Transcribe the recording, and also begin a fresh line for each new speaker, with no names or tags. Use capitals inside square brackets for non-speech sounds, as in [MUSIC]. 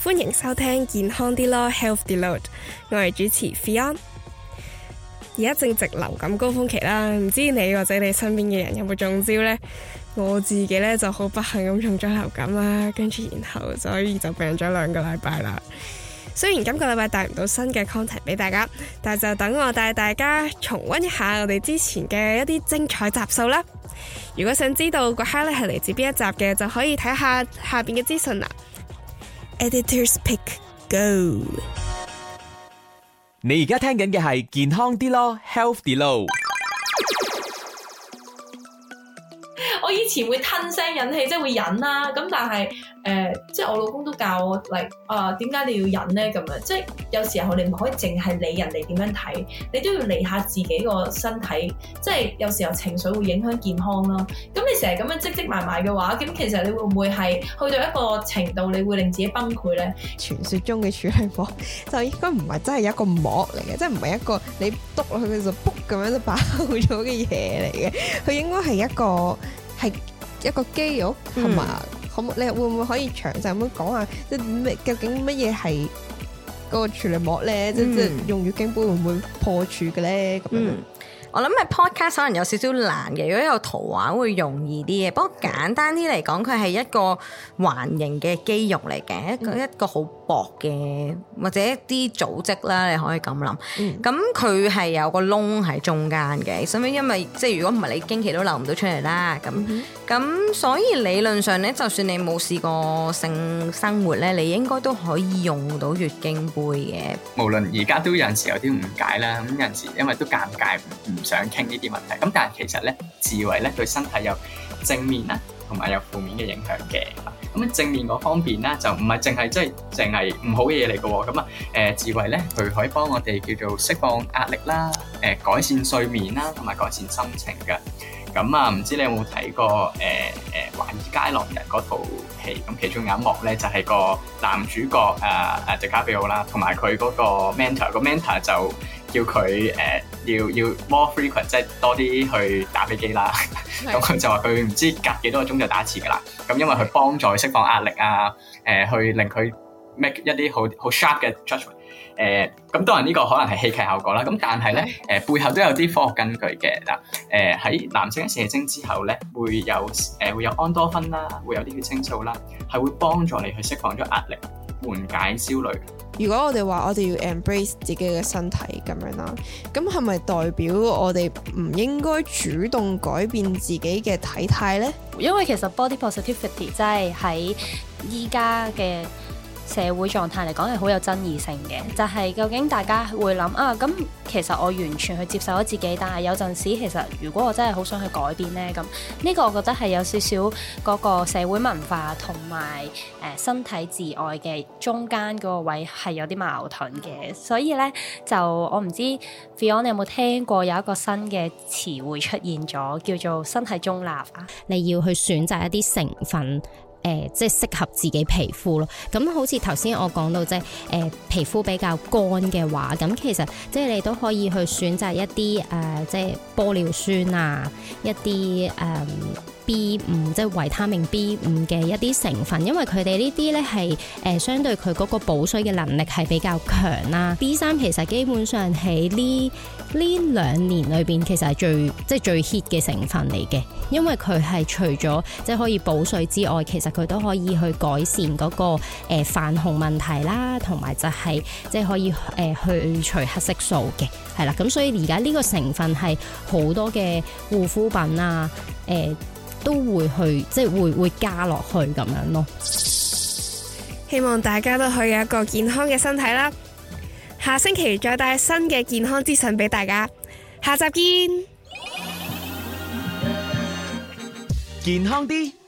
歡迎收聽健康啲咯，Health D-load，我係主持 Fion，而家正值流感高峰期啦，唔知你或者你身邊嘅人有冇中招呢？我自己呢就好不幸咁中咗流感啦，跟住然後所以就病咗兩個禮拜啦。雖然今個禮拜帶唔到新嘅 content 俾大家，但就等我帶大家重温一下我哋之前嘅一啲精彩集數啦。如果想知道嗰 highlight 呢係嚟自邊一集嘅，就可以睇下下邊嘅資訊啦。
Editors pick go，你而家聽緊嘅係健康啲咯，Health D-load。
我以前會吞聲引氣，即係會忍啦，咁但係。誒、呃，即係我老公都教我，嚟啊，點解你要忍咧？咁樣即係有時候你唔可以淨係理人哋點樣睇，你都要理下自己個身體。即係有時候情緒會影響健康囉。咁你成日咁樣積積埋埋嘅話，咁其實你會唔會係去到一個程度，你會令自己崩潰咧？傳説中嘅處女膜就應該唔係真係一個膜嚟嘅，即係唔係一個你篤落去嘅就噗噉樣都爆咗嘅嘢嚟嘅。佢應該係一個係一個肌肉係嘛？咁你會唔會可以詳細咁講下，即係咩究竟乜嘢係嗰個處理膜咧？嗯、即係用月經杯會唔會破處嘅咧？咁樣嗯。我諗係 podcast 可能有少少難嘅，如果有圖畫會容易啲嘅。不過簡單啲嚟講，佢係一個環形嘅肌肉嚟嘅，一個一個好薄嘅或者一啲組織啦。你可以咁諗，咁佢係有個窿喺中間嘅。所以因為即係如果唔係你經期都流唔到出嚟啦。咁咁所以理論上咧，就算你冇試過性生活咧，你應該都可以用到月經杯嘅。
無論而家都有時有啲誤解啦，咁有時因為都尷尬。唔想傾呢啲問題，咁但係其實咧，自慰咧對身體有正面啦，同埋有，有負面嘅影響嘅。咁、啊、正面嗰方面咧就唔係淨係即係淨係唔好嘢嚟嘅。咁啊，誒自慰咧佢可以幫我哋叫做釋放壓力啦，誒、呃、改善睡眠啦，同埋改善心情嘅。咁啊，唔知你有冇睇過誒誒、呃呃《華爾街狼人》嗰套戲？咁其中有一幕咧就係、是、個男主角啊啊迪卡比奧啦，同埋佢嗰個 mentor 個 mentor 就。叫佢誒、呃、要要 more frequent，即係多啲去打飛機啦。咁 [LAUGHS] 佢就話佢唔知隔幾多個鐘就打一次㗎啦。咁因為佢幫助釋放壓力啊，誒、呃、去令佢 make 一啲好好 sharp 嘅 judgment。誒咁、呃、當然呢個可能係戲劇效果啦。咁但係咧誒背後都有啲科學根據嘅嗱，誒喺男性射精之後咧會有誒、呃、會有安多酚啦，會有啲血清素啦，係會幫助你去釋放咗壓力。緩解焦慮。
如果我哋話我哋要 embrace 自己嘅身體咁樣啦，咁係咪代表我哋唔應該主動改變自己嘅體態呢？
因為其實 body positivity 即係喺依家嘅社會狀態嚟講係好有爭議性嘅，就係究竟大家會諗啊。咁其實我完全去接受咗自己，但係有陣時其實如果我真係好想去改變呢，咁呢個我覺得係有少少嗰個社會文化同埋誒身體自愛嘅中間嗰個位係有啲矛盾嘅。所以呢，就我唔知 Fion 你有冇聽過有一個新嘅詞彙出現咗，叫做身體中立啊。你要去選擇一啲成分。誒、呃，即係適合自己皮膚咯。咁好似頭先我講到即係誒皮膚比較乾嘅話，咁其實即係你都可以去選擇一啲誒、呃，即係玻尿酸啊，一啲誒、嗯、B 五，即係維他命 B 五嘅一啲成分，因為佢哋呢啲咧係誒相對佢嗰個補水嘅能力係比較強啦。B 三其實基本上喺呢呢兩年裏邊其實係最即係最 hit 嘅成分嚟嘅，因為佢係除咗即係可以補水之外，其實佢都可以去改善嗰、那個誒、呃、泛紅問題啦，同埋就係、是、即係可以誒、呃、去除黑色素嘅，係啦。咁所以而家呢個成分係好多嘅護膚品啊，誒、呃、都會去即係會會加落去咁樣咯。
希望大家都可以有一個健康嘅身體啦。下星期再帶新嘅健康資訊俾大家，
下集見，健康啲。